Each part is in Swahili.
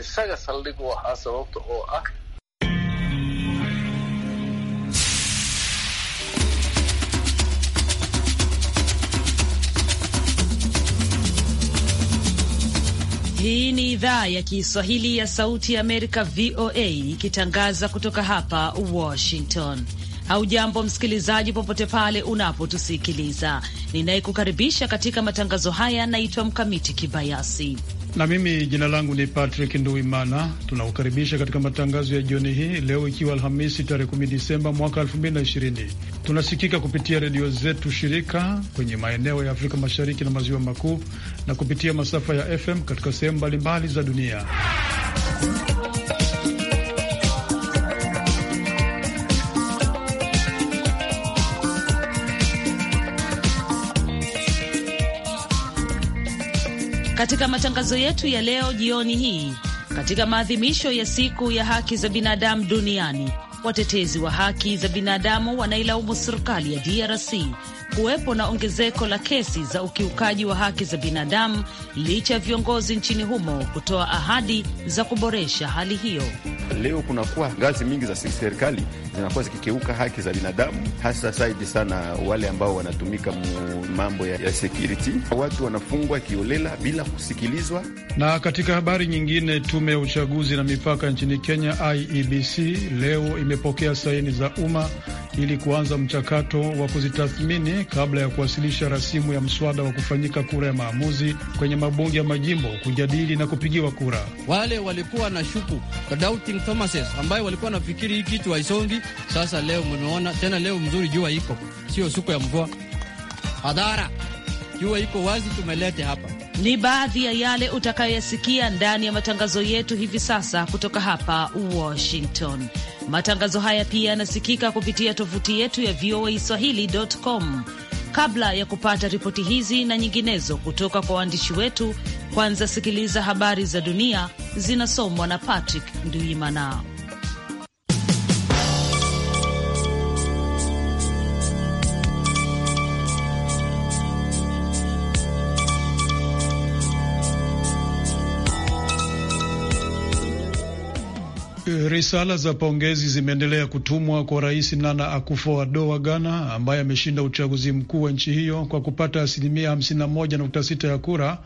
isaga saldhig u ahaa sababta oo ah Hii ni idhaa ya Kiswahili ya Sauti ya Amerika, VOA, ikitangaza kutoka hapa Washington. Haujambo msikilizaji, popote pale unapotusikiliza. Ninayekukaribisha katika matangazo haya naitwa Mkamiti Kibayasi na mimi jina langu ni Patrick Nduimana. Tunakukaribisha katika matangazo ya jioni hii leo, ikiwa Alhamisi tarehe 10 Disemba mwaka 2020. Tunasikika kupitia redio zetu shirika kwenye maeneo ya Afrika Mashariki na Maziwa Makuu na kupitia masafa ya FM katika sehemu mbalimbali za dunia katika matangazo yetu ya leo jioni hii. Katika maadhimisho ya siku ya haki za binadamu duniani, watetezi wa haki za binadamu wanailaumu serikali ya DRC kuwepo na ongezeko la kesi za ukiukaji wa haki za binadamu licha ya viongozi nchini humo kutoa ahadi za kuboresha hali hiyo. Leo kunakuwa ngazi mingi za serikali zinakuwa zikikeuka haki za binadamu, hasa saidi sana wale ambao wanatumika mambo ya, ya security. Watu wanafungwa kiolela bila kusikilizwa. Na katika habari nyingine, tume ya uchaguzi na mipaka nchini Kenya IEBC leo imepokea saini za umma ili kuanza mchakato wa kuzitathmini kabla ya kuwasilisha rasimu ya mswada wa kufanyika kura ya maamuzi kwenye mabunge ya majimbo kujadili na kupigiwa kura. Wale walikuwa na shuku doubting Thomases, ambayo walikuwa nafikiri hii kitu haisongi, sasa leo mmeona tena. Leo mzuri, jua iko, sio siku ya mvua. Hadhara, jua iko wazi, tumelete hapa ni baadhi ya yale utakayoyasikia ndani ya matangazo yetu hivi sasa kutoka hapa Washington. Matangazo haya pia yanasikika kupitia tovuti yetu ya VOA Swahili.com. Kabla ya kupata ripoti hizi na nyinginezo kutoka kwa waandishi wetu, kwanza sikiliza habari za dunia zinasomwa na Patrick Nduimana. Risala za pongezi zimeendelea kutumwa kwa Rais Nana Akufo-Addo wa Ghana ambaye ameshinda uchaguzi mkuu wa nchi hiyo kwa kupata asilimia 51.6 ya kura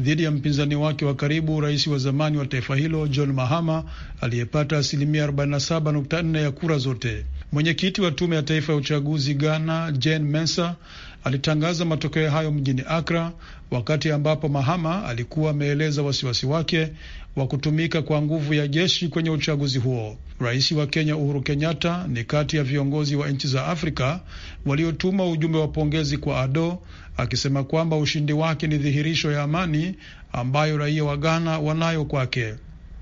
dhidi ya mpinzani wake wa karibu, rais wa zamani wa taifa hilo John Mahama aliyepata asilimia 47.4 ya kura zote. Mwenyekiti wa tume ya taifa ya uchaguzi Ghana, Jane Mensa, alitangaza matokeo hayo mjini Akra, wakati ambapo Mahama alikuwa ameeleza wasiwasi wake wa kutumika kwa nguvu ya jeshi kwenye uchaguzi huo. Rais wa Kenya Uhuru Kenyatta ni kati ya viongozi wa nchi za Afrika waliotuma ujumbe wa pongezi kwa Ado, akisema kwamba ushindi wake ni dhihirisho ya amani ambayo raia wa Ghana wanayo kwake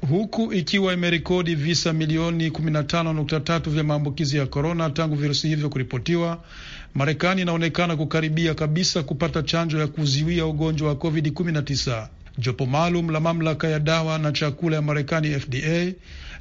huku ikiwa imerekodi visa milioni 15.3 vya maambukizi ya korona tangu virusi hivyo kuripotiwa. Marekani inaonekana kukaribia kabisa kupata chanjo ya kuzuia ugonjwa wa COVID-19. Jopo maalum la mamlaka ya dawa na chakula ya Marekani, FDA,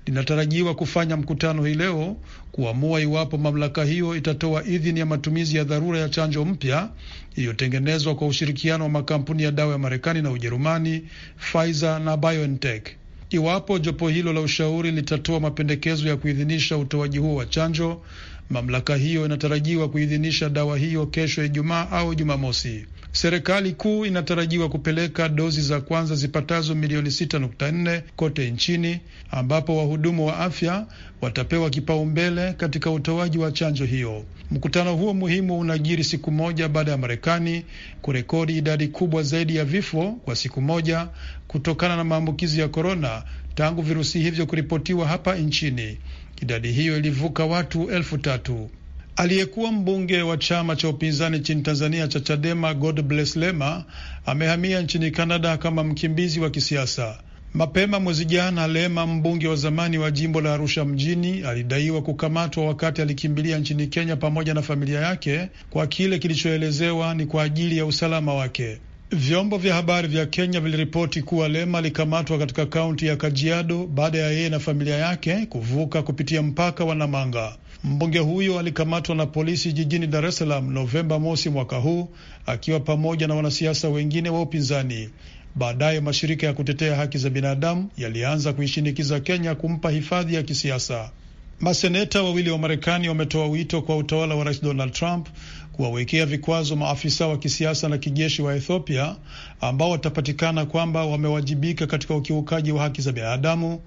linatarajiwa kufanya mkutano hii leo kuamua iwapo mamlaka hiyo itatoa idhini ya matumizi ya dharura ya chanjo mpya iliyotengenezwa kwa ushirikiano wa makampuni ya dawa ya Marekani na Ujerumani, Pfizer na BioNTech. Iwapo jopo hilo la ushauri litatoa mapendekezo ya kuidhinisha utoaji huo wa chanjo, mamlaka hiyo inatarajiwa kuidhinisha dawa hiyo kesho Ijumaa au Jumamosi. Serikali kuu inatarajiwa kupeleka dozi za kwanza zipatazo milioni 6.4 kote nchini ambapo wahudumu wa afya watapewa kipaumbele katika utoaji wa chanjo hiyo. Mkutano huo muhimu unajiri siku moja baada ya Marekani kurekodi idadi kubwa zaidi ya vifo kwa siku moja kutokana na maambukizi ya korona tangu virusi hivyo kuripotiwa hapa nchini. Idadi hiyo ilivuka watu elfu tatu. Aliyekuwa mbunge wa chama cha upinzani nchini Tanzania cha Chadema god Bless Lema amehamia nchini Kanada kama mkimbizi wa kisiasa. Mapema mwezi jana, Lema, mbunge wa zamani wa jimbo la Arusha mjini, alidaiwa kukamatwa wakati alikimbilia nchini Kenya pamoja na familia yake kwa kile kilichoelezewa ni kwa ajili ya usalama wake. Vyombo vya habari vya Kenya viliripoti kuwa Lema alikamatwa katika kaunti ya Kajiado baada ya yeye na familia yake kuvuka kupitia mpaka wa Namanga. Mbunge huyo alikamatwa na polisi jijini Dar es Salaam Novemba mosi mwaka huu akiwa pamoja na wanasiasa wengine wa upinzani. Baadaye mashirika ya kutetea haki za binadamu yalianza kuishinikiza Kenya kumpa hifadhi ya kisiasa. Maseneta wawili wa Marekani wametoa wito kwa utawala wa Rais Donald Trump kuwawekea vikwazo maafisa wa kisiasa na kijeshi wa Ethiopia ambao watapatikana kwamba wamewajibika katika ukiukaji wa haki za binadamu,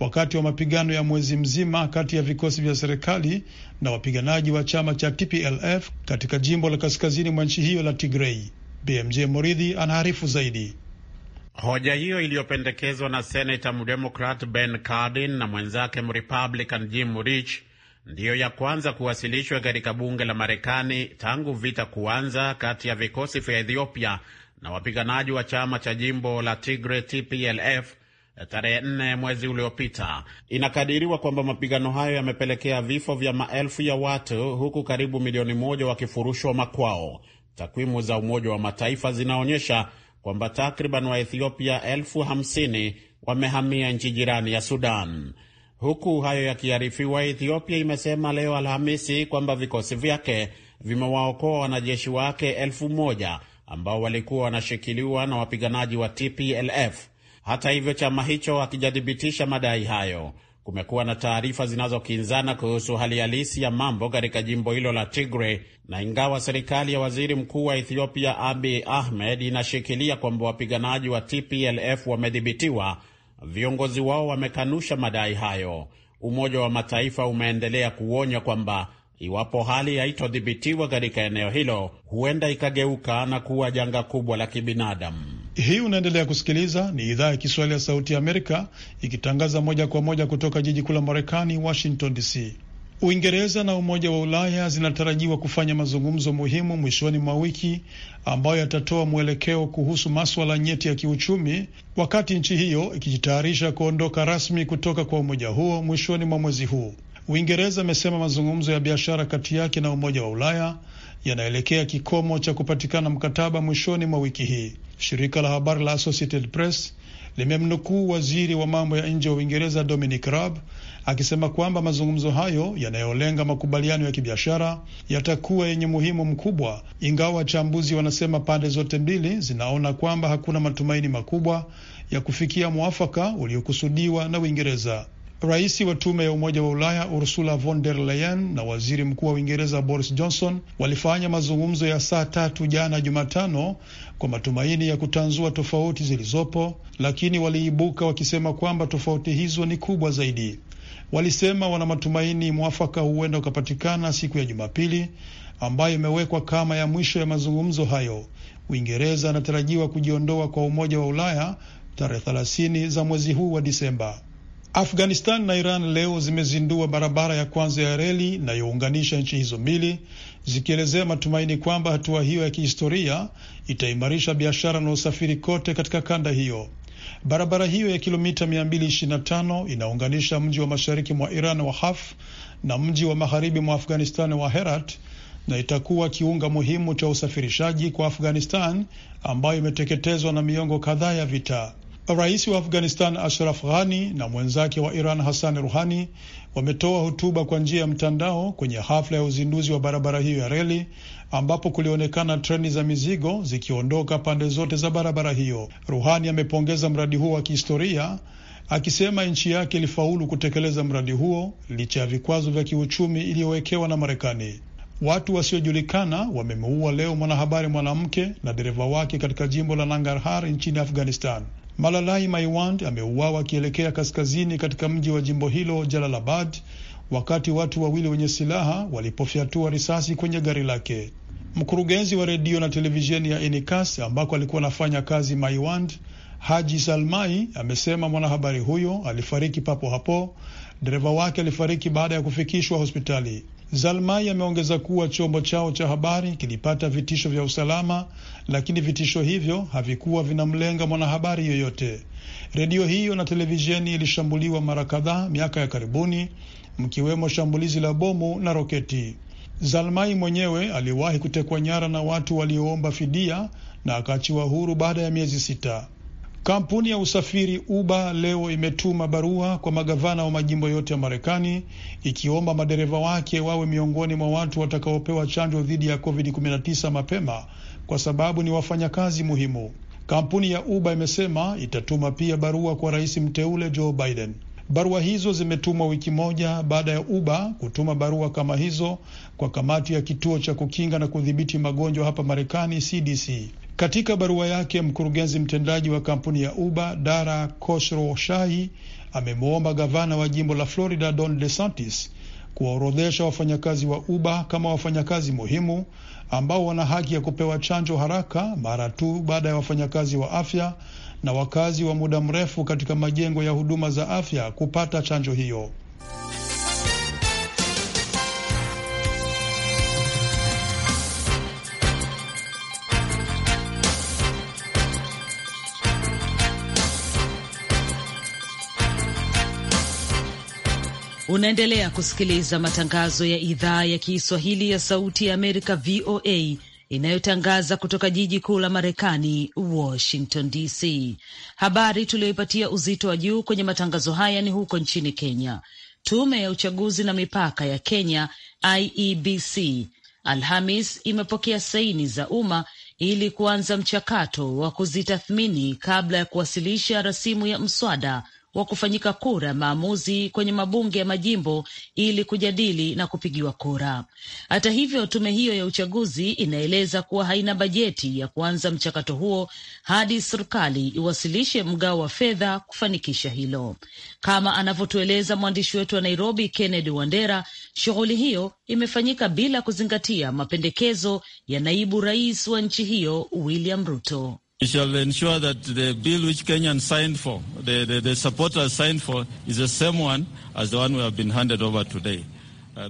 wakati wa mapigano ya mwezi mzima kati ya vikosi vya serikali na wapiganaji wa chama cha TPLF katika jimbo la kaskazini mwa nchi hiyo la Tigrei. BMJ Moridhi anaarifu zaidi. Hoja hiyo iliyopendekezwa na senata mdemokrat Ben Cardin na mwenzake mrepublican Jim Rich ndiyo ya kwanza kuwasilishwa katika bunge la Marekani tangu vita kuanza kati ya vikosi vya Ethiopia na wapiganaji wa chama cha jimbo la Tigre TPLF tarehe nne mwezi uliopita. Inakadiriwa kwamba mapigano hayo yamepelekea vifo vya maelfu ya watu huku karibu milioni moja wakifurushwa makwao. Takwimu za Umoja wa Mataifa zinaonyesha kwamba takriban Waethiopia elfu hamsini wamehamia nchi jirani ya Sudan. Huku hayo yakiharifiwa Ethiopia imesema leo Alhamisi kwamba vikosi vyake vimewaokoa wanajeshi wake elfu moja ambao walikuwa wanashikiliwa na wapiganaji wa TPLF. Hata hivyo, chama hicho hakijathibitisha madai hayo. Kumekuwa na taarifa zinazokinzana kuhusu hali halisi ya mambo katika jimbo hilo la Tigre, na ingawa serikali ya waziri mkuu wa Ethiopia abi Ahmed inashikilia kwamba wapiganaji wa TPLF wamedhibitiwa, viongozi wao wamekanusha madai hayo. Umoja wa Mataifa umeendelea kuonya kwamba iwapo hali haitodhibitiwa katika eneo hilo, huenda ikageuka na kuwa janga kubwa la kibinadamu. Hii unaendelea kusikiliza ni idhaa ya Kiswahili ya Sauti ya Amerika ikitangaza moja kwa moja kutoka jiji kuu la Marekani, Washington DC. Uingereza na Umoja wa Ulaya zinatarajiwa kufanya mazungumzo muhimu mwishoni mwa wiki ambayo yatatoa mwelekeo kuhusu maswala nyeti ya kiuchumi, wakati nchi hiyo ikijitayarisha kuondoka rasmi kutoka kwa umoja huo mwishoni mwa mwezi huu. Uingereza amesema mazungumzo ya biashara kati yake na Umoja wa Ulaya yanaelekea kikomo cha kupatikana mkataba mwishoni mwa wiki hii. Shirika la habari la Associated Press limemnukuu waziri wa mambo ya nje wa Uingereza Dominic Raab akisema kwamba mazungumzo hayo yanayolenga makubaliano ya kibiashara yatakuwa yenye muhimu mkubwa, ingawa wachambuzi wanasema pande zote mbili zinaona kwamba hakuna matumaini makubwa ya kufikia mwafaka uliokusudiwa na Uingereza. Rais wa tume ya Umoja wa Ulaya Ursula von der Leyen na waziri mkuu wa Uingereza Boris Johnson walifanya mazungumzo ya saa tatu jana Jumatano kwa matumaini ya kutanzua tofauti zilizopo, lakini waliibuka wakisema kwamba tofauti hizo ni kubwa zaidi. Walisema wana matumaini mwafaka huenda ukapatikana siku ya Jumapili ambayo imewekwa kama ya mwisho ya mazungumzo hayo. Uingereza anatarajiwa kujiondoa kwa Umoja wa Ulaya tarehe 30 za mwezi huu wa Disemba. Afghanistan na Iran leo zimezindua barabara ya kwanza ya reli inayounganisha nchi hizo mbili, zikielezea matumaini kwamba hatua hiyo ya kihistoria itaimarisha biashara na usafiri kote katika kanda hiyo. Barabara hiyo ya kilomita 225 inaunganisha mji wa mashariki mwa Iran wa Haf na mji wa magharibi mwa Afghanistan wa Herat na itakuwa kiunga muhimu cha usafirishaji kwa Afghanistan ambayo imeteketezwa na miongo kadhaa ya vita. Rais wa Afghanistan Ashraf Ghani na mwenzake wa Iran Hassan Ruhani wametoa hotuba kwa njia ya mtandao kwenye hafla ya uzinduzi wa barabara hiyo ya reli ambapo kulionekana treni za mizigo zikiondoka pande zote za barabara hiyo. Ruhani amepongeza mradi huo wa kihistoria akisema nchi yake ilifaulu kutekeleza mradi huo licha ya vikwazo vya kiuchumi iliyowekewa na Marekani. Watu wasiojulikana wamemuua leo mwanahabari mwanamke na dereva wake katika jimbo la Nangarhar nchini Afghanistan. Malalai Maiwand ameuawa akielekea kaskazini katika mji wa jimbo hilo Jalalabad, wakati watu wawili wenye silaha walipofyatua risasi kwenye gari lake. Mkurugenzi wa redio na televisheni ya Enikas ambako alikuwa anafanya kazi Maiwand, Haji Salmai, amesema mwanahabari huyo alifariki papo hapo. Dereva wake alifariki baada ya kufikishwa hospitali. Zalmai ameongeza kuwa chombo chao cha habari kilipata vitisho vya usalama, lakini vitisho hivyo havikuwa vinamlenga mwanahabari yoyote. Redio hiyo na televisheni ilishambuliwa mara kadhaa miaka ya karibuni, mkiwemo shambulizi la bomu na roketi. Zalmai mwenyewe aliwahi kutekwa nyara na watu walioomba fidia na akaachiwa huru baada ya miezi sita. Kampuni ya usafiri Uber leo imetuma barua kwa magavana wa majimbo yote ya Marekani ikiomba madereva wake wawe miongoni mwa watu watakaopewa chanjo dhidi ya COVID-19 mapema kwa sababu ni wafanyakazi muhimu. Kampuni ya Uber imesema itatuma pia barua kwa rais mteule Joe Biden. Barua hizo zimetumwa wiki moja baada ya Uber kutuma barua kama hizo kwa kamati ya kituo cha kukinga na kudhibiti magonjwa hapa Marekani, CDC. Katika barua yake, mkurugenzi mtendaji wa kampuni ya Uber Dara Khosrowshahi amemwomba gavana wa jimbo la Florida Don DeSantis kuwaorodhesha wafanyakazi wa Uber kama wafanyakazi muhimu ambao wana haki ya kupewa chanjo haraka mara tu baada ya wafanyakazi wa afya na wakazi wa muda mrefu katika majengo ya huduma za afya kupata chanjo hiyo. Unaendelea kusikiliza matangazo ya idhaa ya Kiswahili ya Sauti ya Amerika, VOA, inayotangaza kutoka jiji kuu la Marekani, Washington DC. Habari tuliyoipatia uzito wa juu kwenye matangazo haya ni huko nchini Kenya. Tume ya uchaguzi na mipaka ya Kenya, IEBC, Alhamis imepokea saini za umma ili kuanza mchakato wa kuzitathmini kabla ya kuwasilisha rasimu ya mswada wa kufanyika kura ya maamuzi kwenye mabunge ya majimbo ili kujadili na kupigiwa kura. Hata hivyo, tume hiyo ya uchaguzi inaeleza kuwa haina bajeti ya kuanza mchakato huo hadi serikali iwasilishe mgao wa fedha kufanikisha hilo. Kama anavyotueleza mwandishi wetu wa Nairobi, Kennedy Wandera, shughuli hiyo imefanyika bila kuzingatia mapendekezo ya naibu rais wa nchi hiyo William Ruto. We shall ensure that the bill which Kenyans signed for, the, the, the supporters signed for, is the same one as the one we have been handed over today.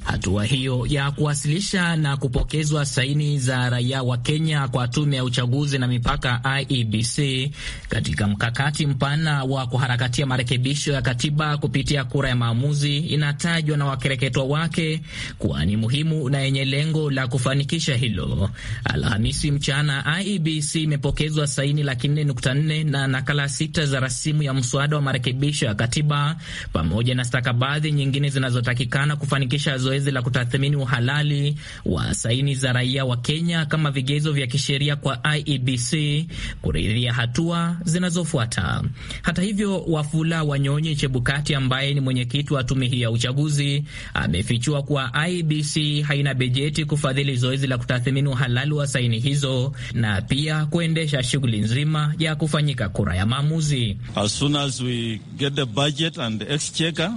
Hatua hiyo ya kuwasilisha na kupokezwa saini za raia wa Kenya kwa tume ya uchaguzi na mipaka IEBC katika mkakati mpana wa kuharakatia marekebisho ya katiba kupitia kura ya maamuzi inatajwa na wakereketwa wake kuwa ni muhimu na yenye lengo la kufanikisha hilo. Alhamisi mchana, IEBC imepokezwa saini laki nne nukta nne na nakala sita za rasimu ya mswada wa marekebisho ya katiba pamoja na stakabadhi nyingine zinazotakikana kufanikisha zoezi la kutathmini uhalali wa saini za raia wa Kenya kama vigezo vya kisheria kwa IEBC kuridhia hatua zinazofuata. Hata hivyo, Wafula Wanyonyi Chebukati ambaye ni mwenyekiti wa tume hii ya uchaguzi amefichua kuwa IEBC haina bajeti kufadhili zoezi la kutathmini uhalali wa saini hizo na pia kuendesha shughuli nzima ya kufanyika kura ya maamuzi. As soon as we get the budget and exchequer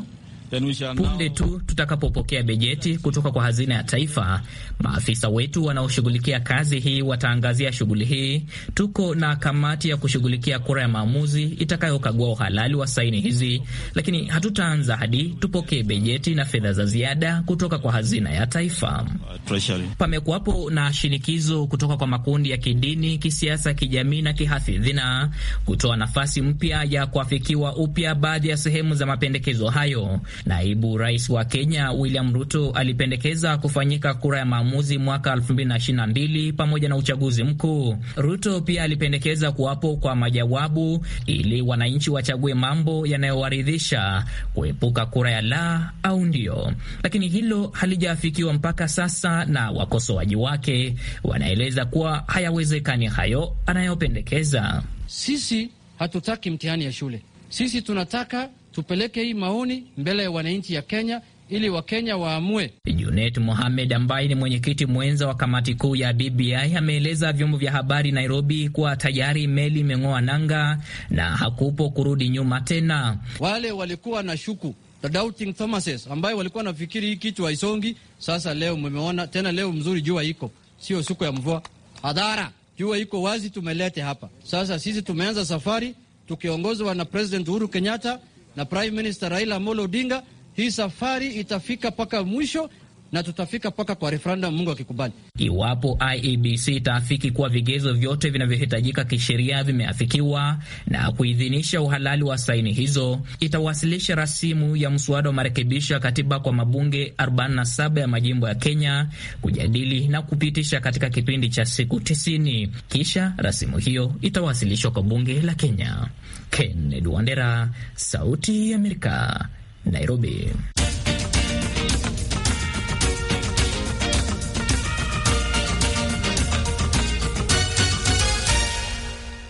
Punde tu tutakapopokea bejeti kutoka kwa hazina ya taifa, maafisa wetu wanaoshughulikia kazi hii wataangazia shughuli hii. Tuko na kamati ya kushughulikia kura ya maamuzi itakayokagua uhalali wa saini hizi, lakini hatutaanza hadi tupokee bejeti na fedha za ziada kutoka kwa hazina ya taifa. Uh, Pamekuwapo na shinikizo kutoka kwa makundi ya kidini, kisiasa, kijamii na kihafidhina kutoa nafasi mpya ya kuafikiwa upya baadhi ya sehemu za mapendekezo hayo. Naibu rais wa Kenya William Ruto alipendekeza kufanyika kura ya maamuzi mwaka 2022 pamoja na uchaguzi mkuu. Ruto pia alipendekeza kuwapo kwa majawabu ili wananchi wachague mambo yanayowaridhisha, kuepuka kura ya la au ndio, lakini hilo halijafikiwa mpaka sasa, na wakosoaji wake wanaeleza kuwa hayawezekani hayo anayopendekeza. Sisi hatutaki mtihani ya shule, sisi tunataka tupeleke hii maoni mbele ya wananchi ya Kenya ili Wakenya waamue. Junet Mohamed ambaye ni mwenyekiti mwenza wa kamati kuu ya BBI ameeleza vyombo vya habari Nairobi kuwa tayari meli imeng'oa nanga na hakupo kurudi nyuma tena. Wale walikuwa na shuku the doubting Thomases ambaye walikuwa nafikiri hii kitu haisongi, sasa leo mmeona tena. Leo mzuri, jua iko sio siku ya mvua, hadhara jua iko wazi, tumelete hapa sasa. Sisi tumeanza safari tukiongozwa na President Uhuru Kenyatta na Prime Minister Raila Amolo Odinga, hii safari itafika mpaka mwisho na tutafika mpaka kwa referendum, Mungu akikubali. Iwapo IEBC itaafiki kuwa vigezo vyote vinavyohitajika kisheria vimeafikiwa na kuidhinisha uhalali wa saini hizo, itawasilisha rasimu ya mswada wa marekebisho ya katiba kwa mabunge 47 ya majimbo ya Kenya kujadili na kupitisha katika kipindi cha siku 90. Kisha rasimu hiyo itawasilishwa kwa bunge la Kenya. Kennedy Wandera, Sauti ya Amerika, Nairobi.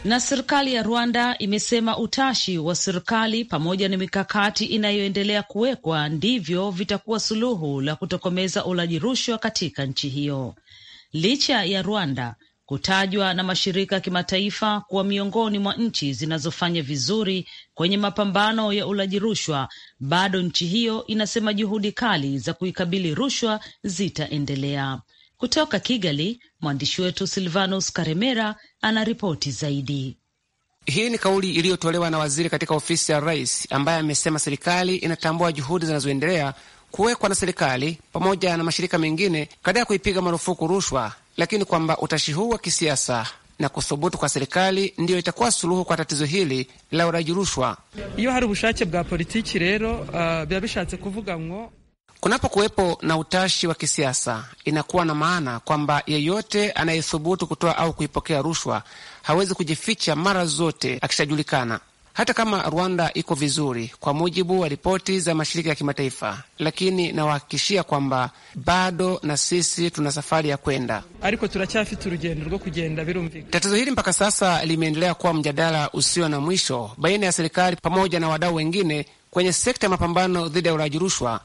Na serikali ya Rwanda imesema utashi wa serikali pamoja na mikakati inayoendelea kuwekwa ndivyo vitakuwa suluhu la kutokomeza ulaji rushwa katika nchi hiyo. Licha ya Rwanda kutajwa na mashirika ya kimataifa kuwa miongoni mwa nchi zinazofanya vizuri kwenye mapambano ya ulaji rushwa, bado nchi hiyo inasema juhudi kali za kuikabili rushwa zitaendelea. Kutoka Kigali, mwandishi wetu Silvanus Karemera ana ripoti zaidi. Hii ni kauli iliyotolewa na waziri katika ofisi ya rais, ambaye amesema serikali inatambua juhudi zinazoendelea kuwekwa na serikali pamoja na mashirika mengine katika kuipiga marufuku rushwa, lakini kwamba utashi huu wa kisiasa na kuthubutu kwa serikali ndiyo itakuwa suluhu kwa tatizo hili la uraji rushwa. iyo hari ubushake bwa politiki rero ah, biba bishatse kuvuga ngo Kunapokuwepo na utashi wa kisiasa, inakuwa na maana kwamba yeyote anayethubutu kutoa au kuipokea rushwa hawezi kujificha mara zote akishajulikana, hata kama Rwanda iko vizuri kwa mujibu wa ripoti za mashirika ya kimataifa, lakini nawahakikishia kwamba bado na sisi tuna safari ya kwenda. Tatizo hili mpaka sasa limeendelea kuwa mjadala usio na mwisho baina ya serikali pamoja na wadau wengine kwenye sekta ya mapambano dhidi ya ulaji rushwa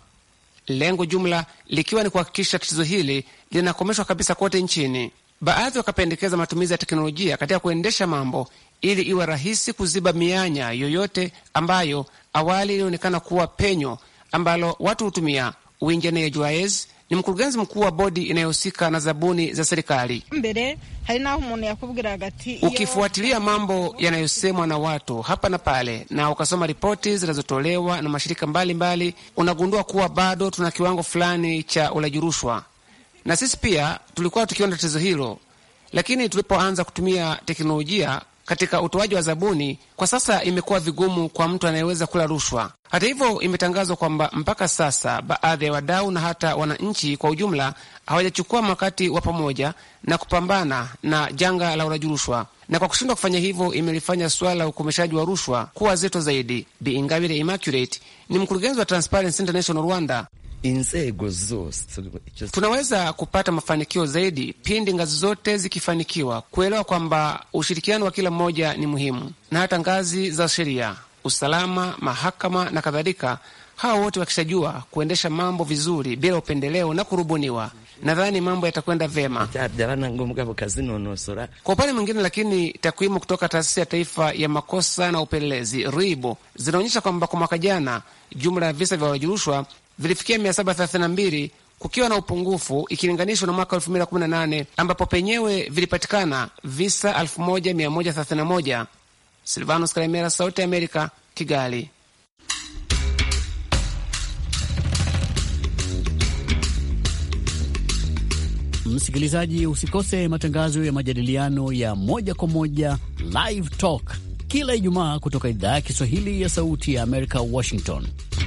lengo jumla likiwa ni kuhakikisha tatizo hili linakomeshwa kabisa kote nchini. Baadhi wakapendekeza matumizi ya teknolojia katika kuendesha mambo ili iwe rahisi kuziba mianya yoyote ambayo awali ilionekana kuwa penyo ambalo watu hutumia. Uinjenia Juaez ni mkurugenzi mkuu wa bodi inayohusika na zabuni za serikali. Ukifuatilia mambo yanayosemwa na watu hapa na pale na ukasoma ripoti zinazotolewa na mashirika mbalimbali mbali, unagundua kuwa bado tuna kiwango fulani cha ulaji rushwa, na sisi pia tulikuwa tukiona tatizo hilo, lakini tulipoanza kutumia teknolojia katika utoaji wa zabuni kwa sasa imekuwa vigumu kwa mtu anayeweza kula rushwa. Hata hivyo, imetangazwa kwamba mpaka sasa baadhi ya wadau na hata wananchi kwa ujumla hawajachukua mwakati wa pamoja na kupambana na janga la ulaji rushwa, na kwa kushindwa kufanya hivyo imelifanya suala la ukomeshaji wa rushwa kuwa zito zaidi. Bi Immaculate ni mkurugenzi wa Transparency International Rwanda inzego zose tunaweza kupata mafanikio zaidi pindi ngazi zote zikifanikiwa kuelewa kwamba ushirikiano wa kila mmoja ni muhimu, na hata ngazi za sheria, usalama, mahakama na kadhalika, hawa wote wakishajua kuendesha mambo vizuri bila upendeleo na kurubuniwa, nadhani mambo yatakwenda vyema. Kwa upande mwingine, lakini takwimu kutoka taasisi ya taifa ya makosa na upelelezi RIBO zinaonyesha kwamba kwa mwaka jana jumla ya visa vya walaji vilifikia 732 kukiwa na upungufu ikilinganishwa na mwaka nane ambapo penyewe vilipatikana visa 1131. Silvanos Kalemera, Sauti ya Amerika, Kigali. Msikilizaji, usikose matangazo ya majadiliano ya moja kwa moja Live Talk kila Ijumaa kutoka idhaa ya Kiswahili ya Sauti ya Amerika, Washington.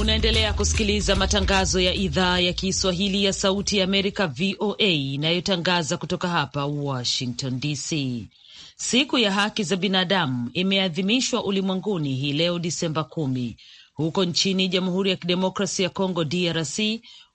Unaendelea kusikiliza matangazo ya idhaa ya Kiswahili ya Sauti ya Amerika, VOA, inayotangaza kutoka hapa Washington DC. Siku ya haki za binadamu imeadhimishwa ulimwenguni hii leo Disemba kumi. Huko nchini Jamhuri ya Kidemokrasi ya Kongo, DRC,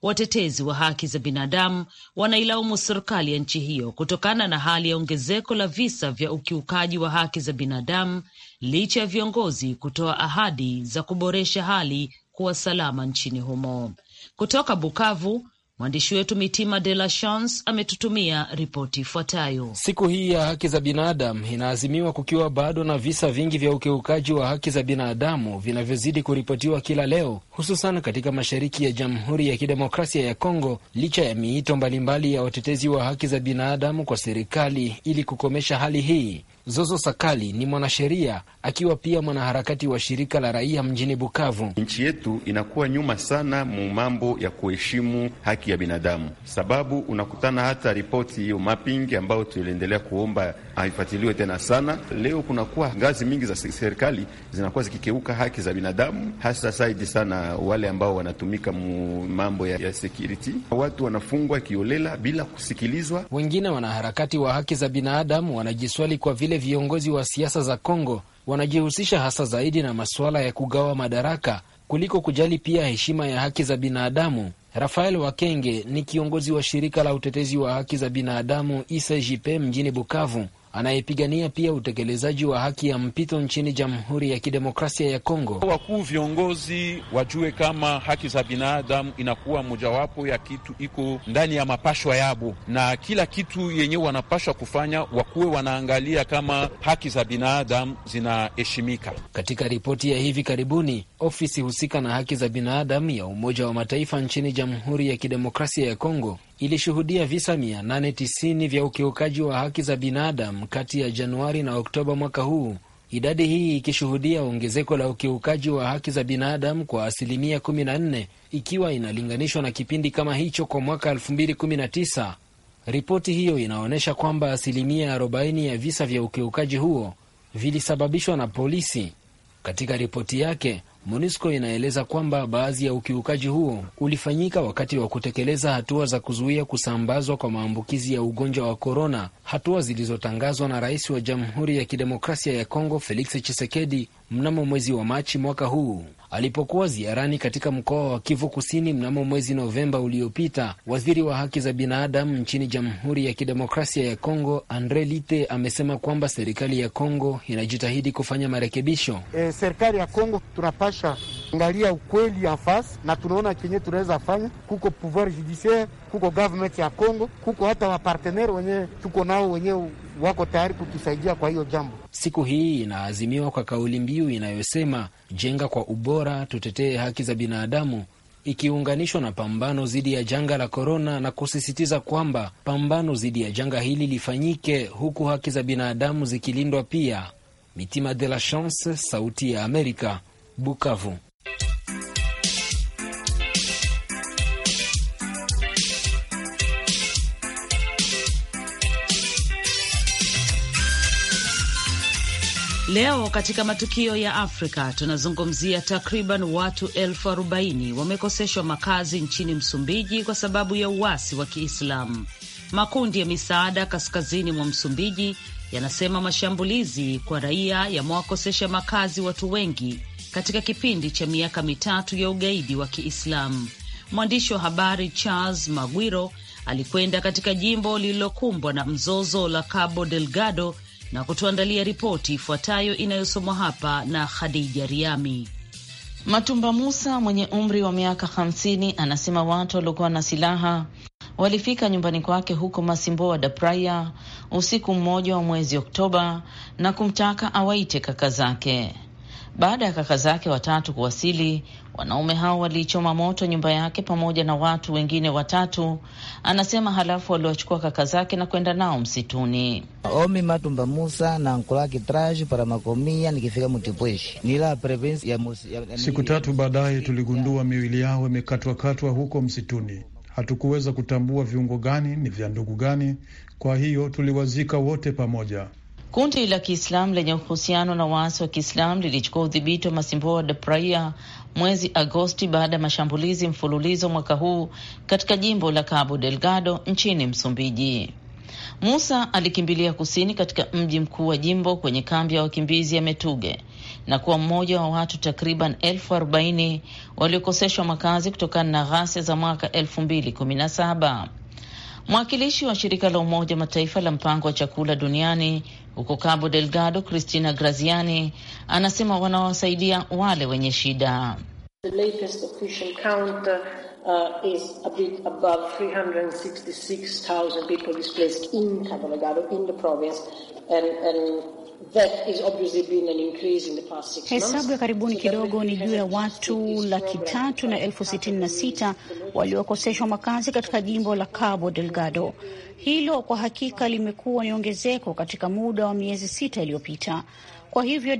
watetezi wa haki za binadamu wanailaumu serikali ya nchi hiyo kutokana na hali ya ongezeko la visa vya ukiukaji wa haki za binadamu licha ya viongozi kutoa ahadi za kuboresha hali kuwa salama nchini humo. Kutoka Bukavu, mwandishi wetu Mitima De La Chance ametutumia ripoti ifuatayo. Siku hii ya haki za binadamu inaazimiwa kukiwa bado na visa vingi vya ukiukaji wa haki za binadamu vinavyozidi kuripotiwa kila leo, hususan katika mashariki ya Jamhuri ya Kidemokrasia ya Kongo, licha ya miito mbalimbali ya watetezi wa haki za binadamu kwa serikali ili kukomesha hali hii. Zozo Sakali ni mwanasheria akiwa pia mwanaharakati wa shirika la raia mjini Bukavu. Nchi yetu inakuwa nyuma sana mu mambo ya kuheshimu haki ya binadamu, sababu unakutana hata ripoti hiyo mapping ambayo tuliendelea kuomba haifuatiliwe tena sana. Leo kunakuwa ngazi mingi za serikali zinakuwa zikikeuka haki za binadamu, hasa saidi sana wale ambao wanatumika mu mambo ya, ya security. Watu wanafungwa kiolela bila kusikilizwa. Wengine wanaharakati wa haki za binadamu wanajiswali kwa vile vile viongozi wa siasa za Kongo wanajihusisha hasa zaidi na masuala ya kugawa madaraka kuliko kujali pia heshima ya haki za binadamu. Rafael Wakenge ni kiongozi wa shirika la utetezi wa haki za binadamu ICJP mjini Bukavu anayepigania pia utekelezaji wa haki ya mpito nchini Jamhuri ya Kidemokrasia ya Kongo. Wakuu viongozi wajue kama haki za binadamu inakuwa mojawapo ya kitu iko ndani ya mapashwa yabo, na kila kitu yenyewe wanapashwa kufanya wakuwe wanaangalia kama haki za binadamu zinaheshimika. Katika ripoti ya hivi karibuni, ofisi husika na haki za binadamu ya Umoja wa Mataifa nchini Jamhuri ya Kidemokrasia ya Kongo ilishuhudia visa 890 vya ukiukaji wa haki za binadamu kati ya Januari na Oktoba mwaka huu, idadi hii ikishuhudia ongezeko la ukiukaji wa haki za binadamu kwa asilimia 14 ikiwa inalinganishwa na kipindi kama hicho kwa mwaka 2019. Ripoti hiyo inaonyesha kwamba asilimia 40 ya visa vya ukiukaji huo vilisababishwa na polisi. Katika ripoti yake MONUSCO inaeleza kwamba baadhi ya ukiukaji huo ulifanyika wakati wa kutekeleza hatua za kuzuia kusambazwa kwa maambukizi ya ugonjwa wa korona, hatua zilizotangazwa na rais wa Jamhuri ya Kidemokrasia ya Kongo Felix Tshisekedi mnamo mwezi wa Machi mwaka huu alipokuwa ziarani katika mkoa wa Kivu Kusini mnamo mwezi Novemba uliopita. Waziri wa haki za binadamu nchini Jamhuri ya Kidemokrasia ya Kongo Andre Lite amesema kwamba serikali ya Kongo inajitahidi kufanya marekebisho. E, serikali ya Kongo tunapasha tunapasha angalia ukweli ya fasi na tunaona kenye tunaweza fanya. Kuko pouvoir judiciaire, kuko government ya Congo, kuko hata wapartenere wenyewe tuko nao wenyewe wako tayari kutusaidia kwa hiyo jambo. Siku hii inaazimiwa kwa kauli mbiu inayosema jenga kwa ubora, tutetee haki za binadamu, ikiunganishwa na pambano dhidi ya janga la korona, na kusisitiza kwamba pambano dhidi ya janga hili lifanyike huku haki za binadamu zikilindwa pia. Mitima de la Chance, Sauti ya Amerika, Bukavu. Leo katika matukio ya Afrika tunazungumzia takriban watu elfu arobaini wamekoseshwa makazi nchini Msumbiji kwa sababu ya uasi wa Kiislamu. Makundi ya misaada kaskazini mwa Msumbiji yanasema mashambulizi kwa raia yamewakosesha makazi watu wengi katika kipindi cha miaka mitatu ya ugaidi wa Kiislamu. Mwandishi wa habari Charles Magwiro alikwenda katika jimbo lililokumbwa na mzozo la Cabo Delgado na kutuandalia ripoti ifuatayo inayosomwa hapa na Khadija Riami. Matumba Musa mwenye umri wa miaka hamsini anasema watu waliokuwa na silaha walifika nyumbani kwake huko Masimboa da Praia usiku mmoja wa mwezi Oktoba na kumtaka awaite kaka zake. Baada ya kaka zake watatu kuwasili, Wanaume hao waliichoma moto nyumba yake pamoja na watu wengine watatu, anasema. Halafu waliwachukua kaka zake na kwenda nao msituni. omi matumba musa na nkulaki para makomia nikifika mutipweshi nila prevensi ya musi, ya... siku tatu baadaye tuligundua miwili yao imekatwakatwa huko msituni. Hatukuweza kutambua viungo gani ni vya ndugu gani, kwa hiyo tuliwazika wote pamoja. Kundi la Kiislamu lenye uhusiano na waasi wa Kiislamu lilichukua udhibiti wa Masimboa de Praia mwezi Agosti baada ya mashambulizi mfululizo mwaka huu katika jimbo la Cabo Delgado nchini Msumbiji. Musa alikimbilia kusini katika mji mkuu wa jimbo kwenye kambi ya wakimbizi ya Metuge na kuwa mmoja wa watu takriban elfu arobaini waliokoseshwa makazi kutokana na ghasia za mwaka elfu mbili kumi na saba. Mwakilishi wa shirika la Umoja Mataifa la mpango wa chakula duniani huko Cabo Delgado, Christina Graziani anasema wanawasaidia wale wenye shida. Uh, is a bit above 366,000 people displaced in Cabo Delgado, in the province, and, and Hesabu ya karibuni kidogo ni juu ya watu laki tatu na elfu sitini na sita waliokoseshwa makazi katika jimbo la Cabo Delgado. Hilo kwa hakika limekuwa ni ongezeko katika muda wa miezi sita iliyopita. Kwa hivyo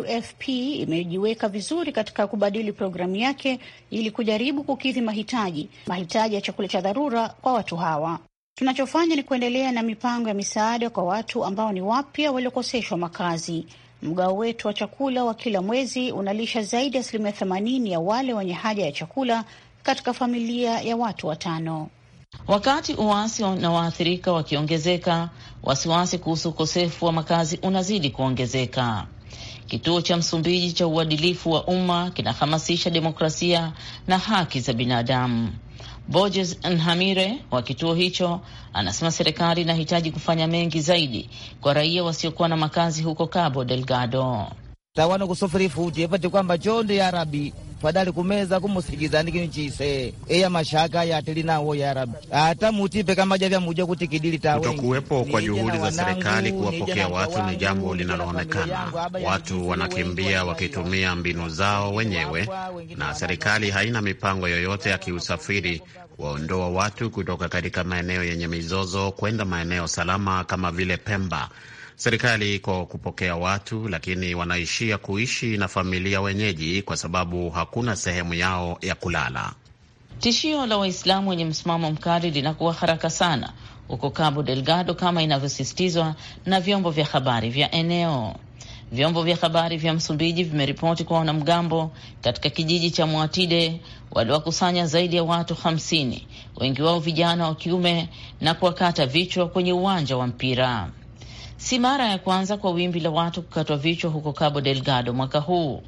WFP imejiweka vizuri katika kubadili programu yake ili kujaribu kukidhi mahitaji mahitaji ya chakula cha dharura kwa watu hawa. Tunachofanya ni kuendelea na mipango ya misaada kwa watu ambao ni wapya waliokoseshwa makazi. Mgao wetu wa chakula wa kila mwezi unalisha zaidi ya asilimia themanini ya wale wenye haja ya chakula katika familia ya watu watano. Wakati uwasi na waathirika wakiongezeka, wasiwasi kuhusu ukosefu wa makazi unazidi kuongezeka. Kituo cha Msumbiji cha uadilifu wa umma kinahamasisha demokrasia na haki za binadamu. Borges Nhamire wa kituo hicho anasema serikali inahitaji kufanya mengi zaidi kwa raia wasiokuwa na makazi huko Cabo Delgado. tawana kusofiri futi pate kwamba chonde ya arabi fadhali kumeza kumusikizani kinu chise eya mashaka ya uo ya rabi ata mutipe kama javya mujo kutikidili tawe. Kutokuwepo kwa juhudi za serikali kuwapokea watu ni jambo linaloonekana. Watu wanakimbia wakitumia mbinu zao wenyewe, na serikali haina mipango yoyote ya kiusafiri kuwaondoa watu kutoka katika maeneo yenye mizozo kwenda maeneo salama kama vile Pemba Serikali iko kupokea watu, lakini wanaishia kuishi na familia wenyeji kwa sababu hakuna sehemu yao ya kulala. Tishio la Waislamu wenye msimamo mkali linakuwa haraka sana huko Cabo Delgado kama inavyosisitizwa na vyombo vya habari vya eneo. Vyombo vya habari vya Msumbiji vimeripoti kwa wanamgambo katika kijiji cha Mwatide waliwakusanya zaidi ya watu hamsini, wengi wao vijana wa kiume na kuwakata vichwa kwenye uwanja wa mpira. Si mara ya kwanza kwa wimbi la watu kukatwa vichwa huko Cabo Delgado mwaka huu.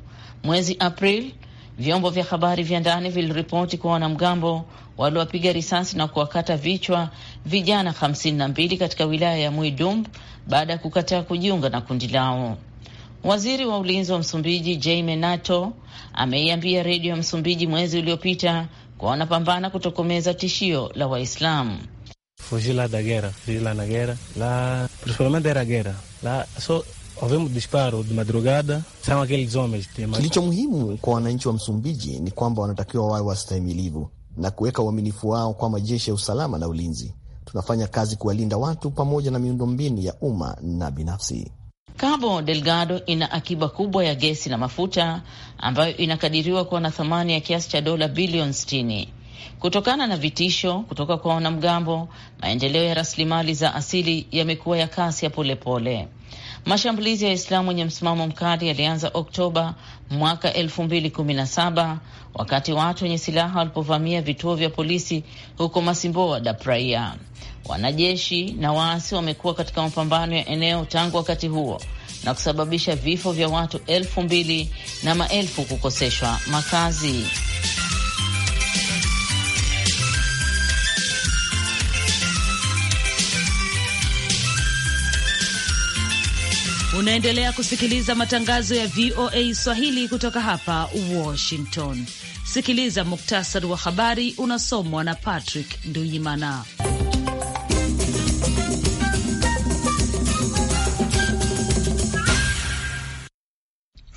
Mwezi Aprili, vyombo vya habari vya ndani viliripoti kwa wanamgambo waliwapiga risasi na kuwakata vichwa vijana 52 katika wilaya ya Muidumb baada ya kukataa kujiunga na kundi lao. Waziri wa ulinzi wa Msumbiji Jaime Nato ameiambia redio ya Msumbiji mwezi uliopita kwa wanapambana kutokomeza tishio la Waislamu fuzila da guerra, fuzila na guerra. Lá, principalmente era guerra. Lá só ouvimos disparo de madrugada, são aqueles homens. Kilicho muhimu kwa wananchi wa Msumbiji ni kwamba wanatakiwa wawe wastahimilivu na kuweka uaminifu wao kwa majeshi ya usalama na ulinzi. Tunafanya kazi kuwalinda watu pamoja na miundombinu ya umma na binafsi. Cabo Delgado ina akiba kubwa ya gesi na mafuta ambayo inakadiriwa kuwa na thamani ya kiasi cha dola bilioni 60 Kutokana na vitisho kutoka kwa wanamgambo, maendeleo ya rasilimali za asili yamekuwa ya kasi ya polepole. Mashambulizi ya Waislamu wenye msimamo mkali yalianza Oktoba mwaka saba wakati watu wenye silaha walipovamia vituo vya polisi huko Masimboa da Praia. Wanajeshi na waasi wamekuwa katika mapambano ya eneo tangu wakati huo na kusababisha vifo vya watu elfu mbili na maelfu kukoseshwa makazi. Unaendelea kusikiliza matangazo ya VOA Swahili kutoka hapa Washington. Sikiliza muktasari wa habari unasomwa na Patrick Nduyimana.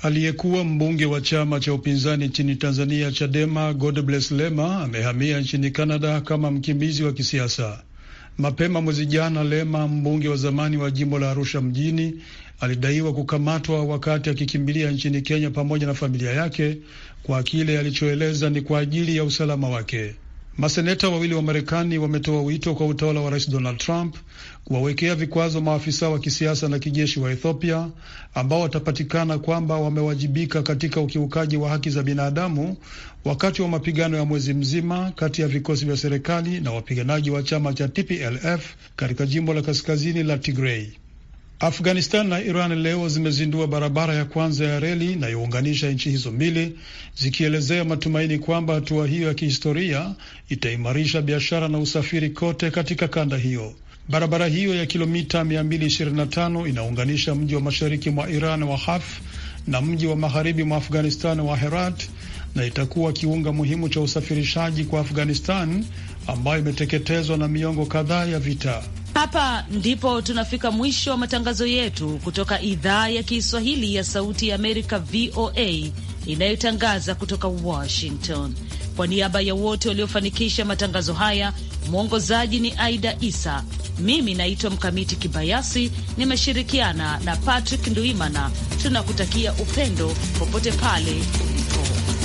Aliyekuwa mbunge wa chama cha upinzani nchini Tanzania, Chadema, Godbless Lema amehamia nchini Canada kama mkimbizi wa kisiasa. Mapema mwezi jana, Lema, mbunge wa zamani wa jimbo la Arusha mjini, alidaiwa kukamatwa wakati akikimbilia nchini Kenya pamoja na familia yake kwa kile alichoeleza ni kwa ajili ya usalama wake. Maseneta wawili wa Marekani wametoa wito kwa utawala wa Rais Donald Trump kuwawekea vikwazo maafisa wa kisiasa na kijeshi wa Ethiopia ambao watapatikana kwamba wamewajibika katika ukiukaji wa haki za binadamu wakati wa mapigano ya mwezi mzima kati ya vikosi vya serikali na wapiganaji wa chama cha TPLF katika jimbo la kaskazini la tigrei Afghanistan na Iran leo zimezindua barabara ya kwanza ya reli inayounganisha nchi hizo mbili, zikielezea matumaini kwamba hatua hiyo ya kihistoria itaimarisha biashara na usafiri kote katika kanda hiyo. Barabara hiyo ya kilomita 225 inaunganisha mji wa mashariki mwa Iran wa Haf na mji wa magharibi mwa Afghanistan wa Herat na itakuwa kiunga muhimu cha usafirishaji kwa Afghanistan ambayo imeteketezwa na miongo kadhaa ya vita. Hapa ndipo tunafika mwisho wa matangazo yetu kutoka idhaa ya Kiswahili ya Sauti ya Amerika, VOA, inayotangaza kutoka Washington. Kwa niaba ya wote waliofanikisha matangazo haya, mwongozaji ni Aida Isa. Mimi naitwa Mkamiti Kibayasi, nimeshirikiana na Patrick Nduimana. Tunakutakia upendo popote pale ulipo.